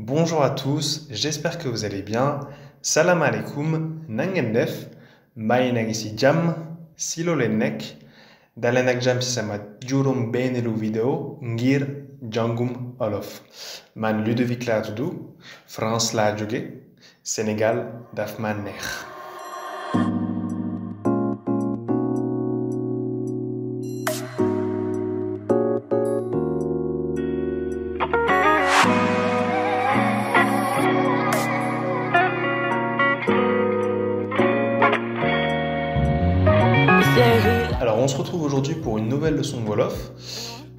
Bonjour à tous, j'espère que vous allez bien. Salam alaikum, nangendef, mayenak jam, silo lennek, dalenak jam si sama benelu vidéo, ngir jangum olof. Man Ludovic la France la Sénégal d'afman nech. leçon Wolof.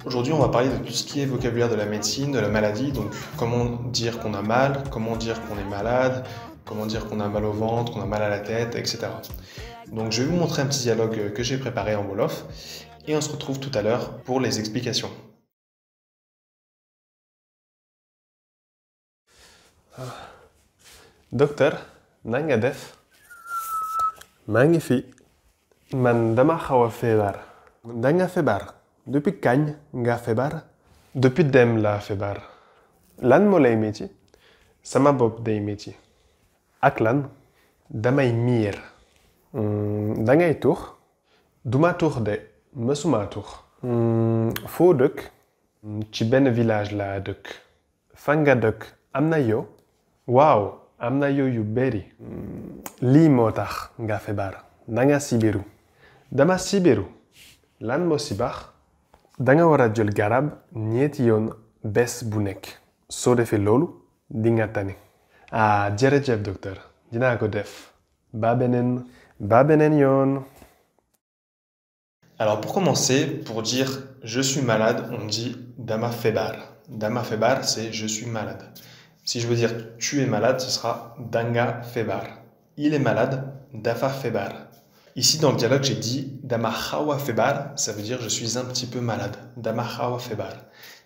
Aujourd'hui, on va parler de tout ce qui est vocabulaire de la médecine, de la maladie, donc comment dire qu'on a mal, comment dire qu'on est malade, comment dire qu'on a mal au ventre, qu'on a mal à la tête, etc. Donc je vais vous montrer un petit dialogue euh, que j'ai préparé en Wolof et on se retrouve tout à l'heure pour les explications. Ah. Docteur, Nangadef, Magnifique, Mandama Dangafébar depuis quand Gafébar depuis dem la feebar lan moo lay sama bob de métti ak lan damay hmm, dangay tour duma tour de mësuma tour hmm, foo Chiben ci ben village La Duk Fanga amnayo Amna yo. Wow. Amna yo you berry, sibiru dama sibiru lan moo danga wara garab nyet yon bes Bunek. So lolu, lolu, Ah, di Ah, ah docteur Dina ko def babenen yon. yon. Alors pour commencer, pour dire je suis malade, on dit dama febar. Dama febar, c'est je suis malade. Si je veux dire tu es malade, ce sera danga febar. Il est malade, dafa febar. Ici, dans le dialogue, j'ai dit Dama febar, ça veut dire je suis un petit peu malade.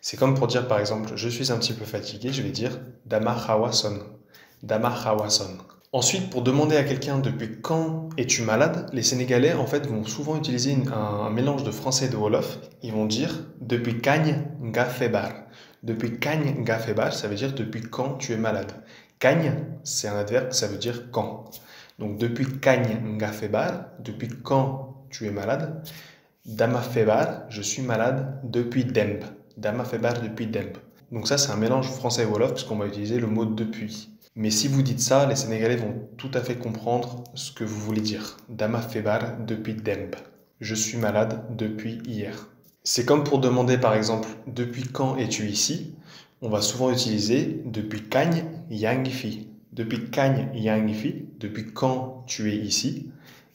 C'est comme pour dire par exemple je suis un petit peu fatigué, je vais dire Dama son. son. Ensuite, pour demander à quelqu'un depuis quand es-tu malade, les Sénégalais en fait vont souvent utiliser un, mélange de français et de wolof. Ils vont dire depuis kagne ga febar. Depuis kagne ga febar, ça veut dire depuis quand tu es malade. Kagne, c'est un adverbe, ça veut dire quand. Donc depuis Kany Ngafebar, depuis quand tu es malade, Damafebar, je suis malade depuis Demb. Damafebar depuis Demb. Donc ça c'est un mélange français et wolof puisqu'on va utiliser le mot depuis. Mais si vous dites ça, les Sénégalais vont tout à fait comprendre ce que vous voulez dire. Damafebar depuis Demb. Je suis malade depuis hier. C'est comme pour demander par exemple depuis quand es-tu ici On va souvent utiliser depuis kagne Yangfi. Depuis quand yangfi, depuis quand tu es ici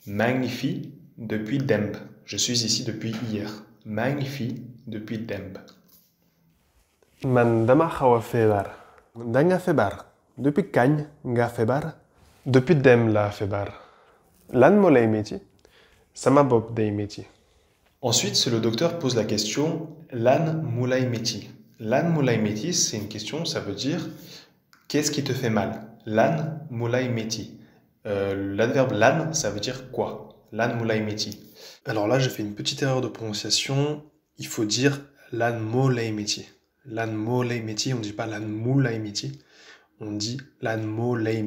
Magnifi, depuis Demp. Je suis ici depuis hier. Magnifi, depuis Demp. Man dama xawa febar. Danga febar. Depuis Kang nga febar. Depuis Demp la febar. Lan mo meti Sama bob day meti. Ensuite, le docteur pose la question Lan meti Lan Moulaimeti, c'est une question, ça veut dire qu'est-ce qui te fait mal lan moulay meti. Euh, l'adverbe lan, ça veut dire quoi Lan moulay Alors là, j'ai fait une petite erreur de prononciation. Il faut dire lan moulay meti. Lan moulay on ne dit pas lan moulay On dit lan moulay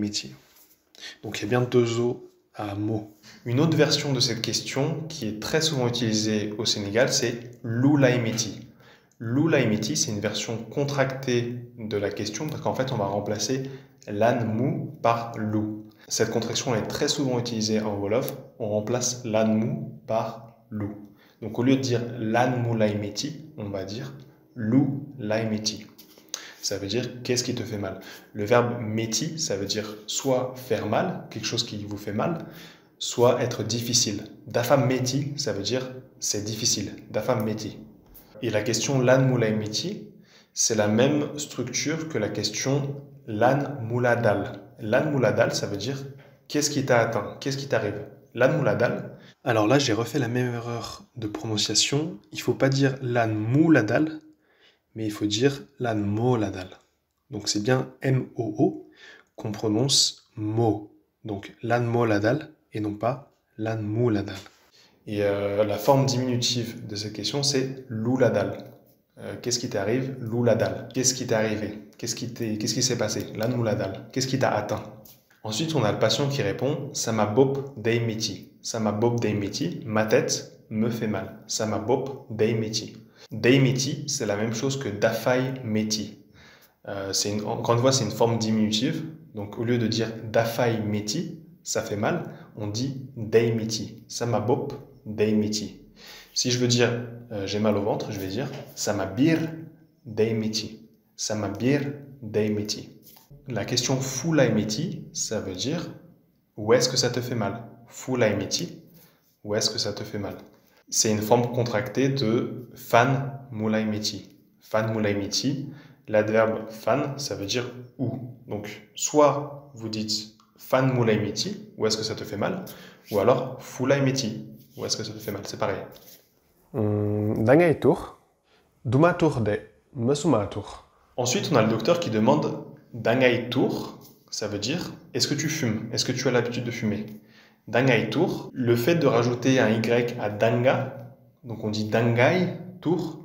Donc il y a bien deux O à mot. Une autre version de cette question qui est très souvent utilisée au Sénégal, c'est LULAIMETI. L'ulaimiti, c'est une version contractée de la question parce qu'en fait, on va remplacer l'an mou par lou. Cette contraction est très souvent utilisée en Wolof. On remplace l'an mou par lou. Donc au lieu de dire l'an mu laimeti, on va dire lou laimeti. Ça veut dire qu'est-ce qui te fait mal. Le verbe meti, ça veut dire soit faire mal, quelque chose qui vous fait mal, soit être difficile. Dafam meti, ça veut dire c'est difficile. Dafam meti et la question Lan Moula c'est la même structure que la question Lan Moula Dal. Lan Moula ça veut dire qu'est-ce qui t'a atteint Qu'est-ce qui t'arrive Lan Moula Alors là, j'ai refait la même erreur de prononciation. Il faut pas dire Lan Moula mais il faut dire Lan Moula Dal. Donc c'est bien M-O-O qu'on prononce Mo. Donc Lan Moula Dal et non pas Lan Moula Dal. Et euh, la forme diminutive de cette question, c'est l'ouladal. Euh, qu'est-ce qui t'arrive Lou Qu'est-ce qui t'est arrivé Qu'est-ce qui s'est passé L'anouladal. la Qu'est-ce qui t'a atteint Ensuite, on a le patient qui répond Ça m'a bop daimiti. Ça m'a bop daimiti. Ma tête me fait mal. Ça m'a bop De Daimiti, c'est la même chose que dafai meti. Euh, grande voix, fois, c'est une forme diminutive. Donc, au lieu de dire dafai meti, ça fait mal, on dit daimiti. Ça m'a bop daimiti. Si je veux dire euh, j'ai mal au ventre, je vais dire ça m'abir daimiti. Ça La question fulaimiti, ça veut dire où est-ce que ça te fait mal Fulaimiti, où est-ce que ça te fait mal C'est une forme contractée de fan mulaimiti. Fan mulaimiti, l'adverbe fan, ça veut dire où. Donc, soit vous dites fan mulaimiti, où est-ce que ça te fait mal Ou alors fulaimiti, ou est-ce que ça te fait mal C'est pareil. Hum, dangai tour, de. Ensuite, on a le docteur qui demande Dangai tour, ça veut dire est-ce que tu fumes Est-ce que tu as l'habitude de fumer Dangai tour, le fait de rajouter un Y à danga, donc on dit dangai tour,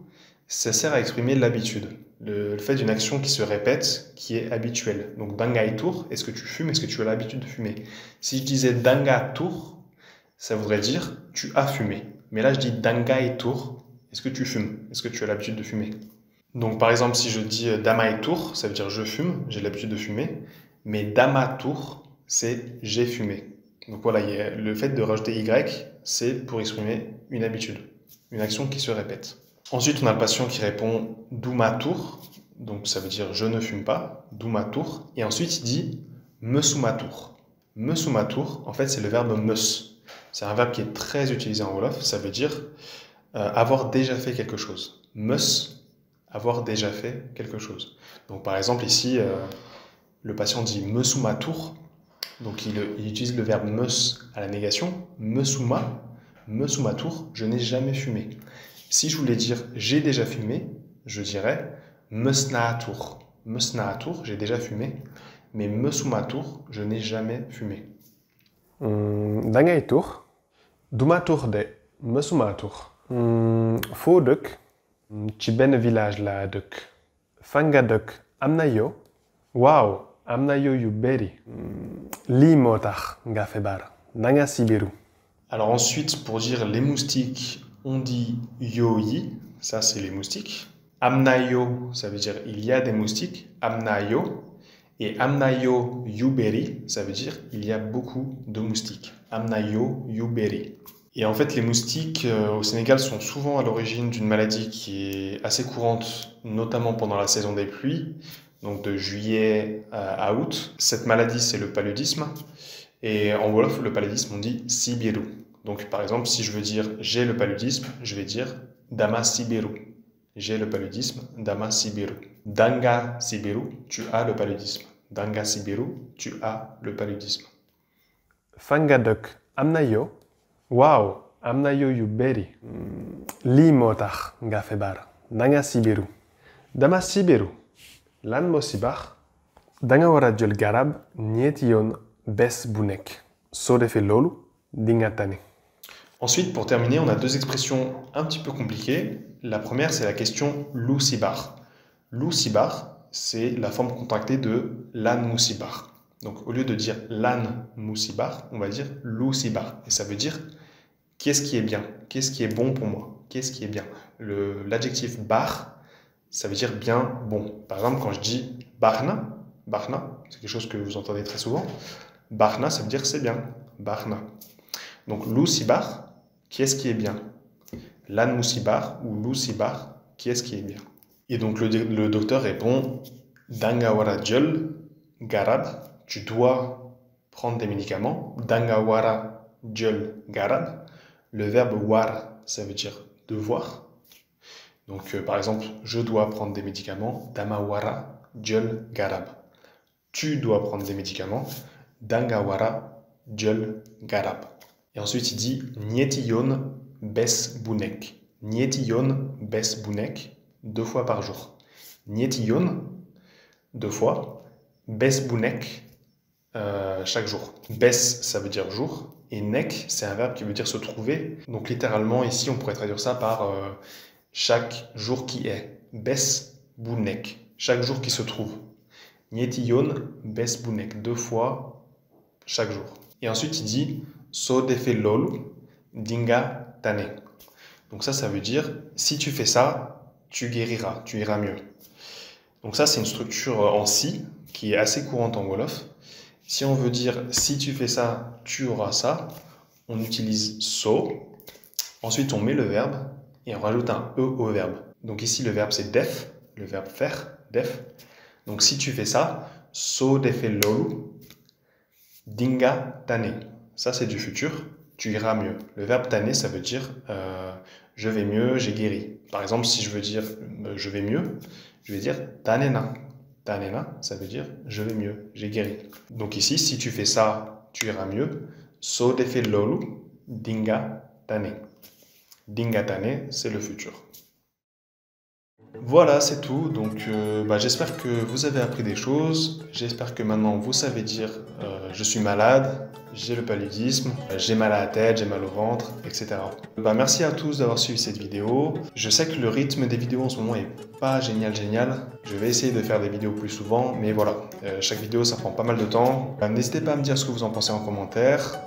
ça sert à exprimer l'habitude, le, fait d'une action qui se répète, qui est habituelle. Donc dangai tour, est-ce que tu fumes Est-ce que tu as l'habitude de fumer Si je disais danga tour, ça voudrait dire tu as fumé. Mais là, je dis danga et tour. Est-ce que tu fumes Est-ce que tu as l'habitude de fumer Donc, par exemple, si je dis euh, dama et tour, ça veut dire je fume, j'ai l'habitude de fumer. Mais dama tour, c'est j'ai fumé. Donc voilà, le fait de rajouter y, c'est pour exprimer une habitude, une action qui se répète. Ensuite, on a le patient qui répond duma tour, donc ça veut dire je ne fume pas, duma tour. Et ensuite, il dit me sous tour. Me tour, en fait, c'est le verbe meus. C'est un verbe qui est très utilisé en Wolof. Ça veut dire euh, avoir déjà fait quelque chose. Must, avoir déjà fait quelque chose. Donc par exemple ici, euh, le patient dit me sous tour. Donc il, utilise le verbe me à la négation. Me sous ma, me souma tour, je n'ai jamais fumé. Si je voulais dire j'ai déjà fumé, je dirais me tour. Me tour, j'ai déjà fumé. Mais me sous tour, je n'ai jamais fumé. ET hum, tour. Dumatur de Mesumatur Fouduk, hmm, foo hmm, village la dëkk Fangaduk, nga Wow, am hmm, Limotach, alors ensuite pour dire les moustiques on dit YOYI, ça c'est les moustiques AMNAYO, ça veut dire il y a des moustiques AMNAYO. Et Amnayo Yuberi, ça veut dire il y a beaucoup de moustiques. Amnayo Yuberi. Et en fait, les moustiques euh, au Sénégal sont souvent à l'origine d'une maladie qui est assez courante, notamment pendant la saison des pluies, donc de juillet à août. Cette maladie, c'est le paludisme. Et en Wolof, le paludisme, on dit Sibiru. Donc, par exemple, si je veux dire j'ai le paludisme, je vais dire Dama Sibiru j'ai le paludisme. Dama Sibiru. Danga Sibiru, tu as le paludisme. Danga Sibiru, tu as le paludisme. Fangadok, amnayo. Wow, amnayo yuberi. Limotach gafebar. Danga Sibiru. Dama Sibiru. Lan mosibar. Danga warajol garab, nietiyon bes bunek. Sodefe lolu, dingatane. Ensuite, pour terminer, on a deux expressions un petit peu compliquées. La première, c'est la question l'oussibar ».« L'oussibar », c'est la forme contractée de lan mousibar. Donc, au lieu de dire lan mousibar, on va dire bar". Et ça veut dire qu'est-ce qui est bien, qu'est-ce qui est bon pour moi, qu'est-ce qui est bien. L'adjectif bar, ça veut dire bien, bon. Par exemple, quand je dis barna, barna, c'est quelque chose que vous entendez très souvent. Barna, ça veut dire c'est bien, barna. Donc, bar" qui est-ce qui est bien L'âne ou loup qui est-ce qui est bien Et donc le, docteur répond Dangawara jol, garab, tu dois prendre des médicaments. Dangawara jol, garab. Le verbe war, ça veut dire devoir. Donc euh, par exemple, je dois prendre des médicaments. Damawara jol, garab. Tu dois prendre des médicaments. Dangawara jol, garab. Et ensuite, il dit Nietiyon nietion bes bunek, deux fois par jour. nietion deux fois. bunek, euh, chaque jour. Bes, ça veut dire jour. Et nek, c'est un verbe qui veut dire se trouver. Donc littéralement, ici, on pourrait traduire ça par euh, chaque jour qui est. Bes Chaque jour qui se trouve. Nietiyon, bes Deux fois chaque jour. Et ensuite, il dit SO DEFE LOLU DINGA tane donc ça ça veut dire si tu fais ça tu guériras tu iras mieux donc ça c'est une structure en si qui est assez courante en wolof si on veut dire si tu fais ça tu auras ça on utilise so ensuite on met le verbe et on rajoute un e au verbe donc ici le verbe c'est def le verbe faire def donc si tu fais ça so defe lolu dinga tane ça, c'est du futur. Tu iras mieux. Le verbe tanner, ça veut dire euh, je vais mieux, j'ai guéri. Par exemple, si je veux dire euh, je vais mieux, je vais dire tanena. Tanena, ça veut dire je vais mieux, j'ai guéri. Donc ici, si tu fais ça, tu iras mieux. So lolu dinga tané. Dinga tane, c'est le futur. Voilà, c'est tout. Donc, euh, bah, j'espère que vous avez appris des choses. J'espère que maintenant vous savez dire euh, je suis malade, j'ai le paludisme, j'ai mal à la tête, j'ai mal au ventre, etc. Bah, merci à tous d'avoir suivi cette vidéo. Je sais que le rythme des vidéos en ce moment est pas génial, génial. Je vais essayer de faire des vidéos plus souvent, mais voilà, euh, chaque vidéo ça prend pas mal de temps. Bah, n'hésitez pas à me dire ce que vous en pensez en commentaire.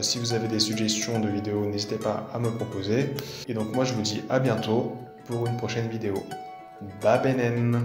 si vous avez des suggestions de vidéos, n'hésitez pas à me proposer. Et donc moi je vous dis à bientôt pour une prochaine vidéo. Babenen.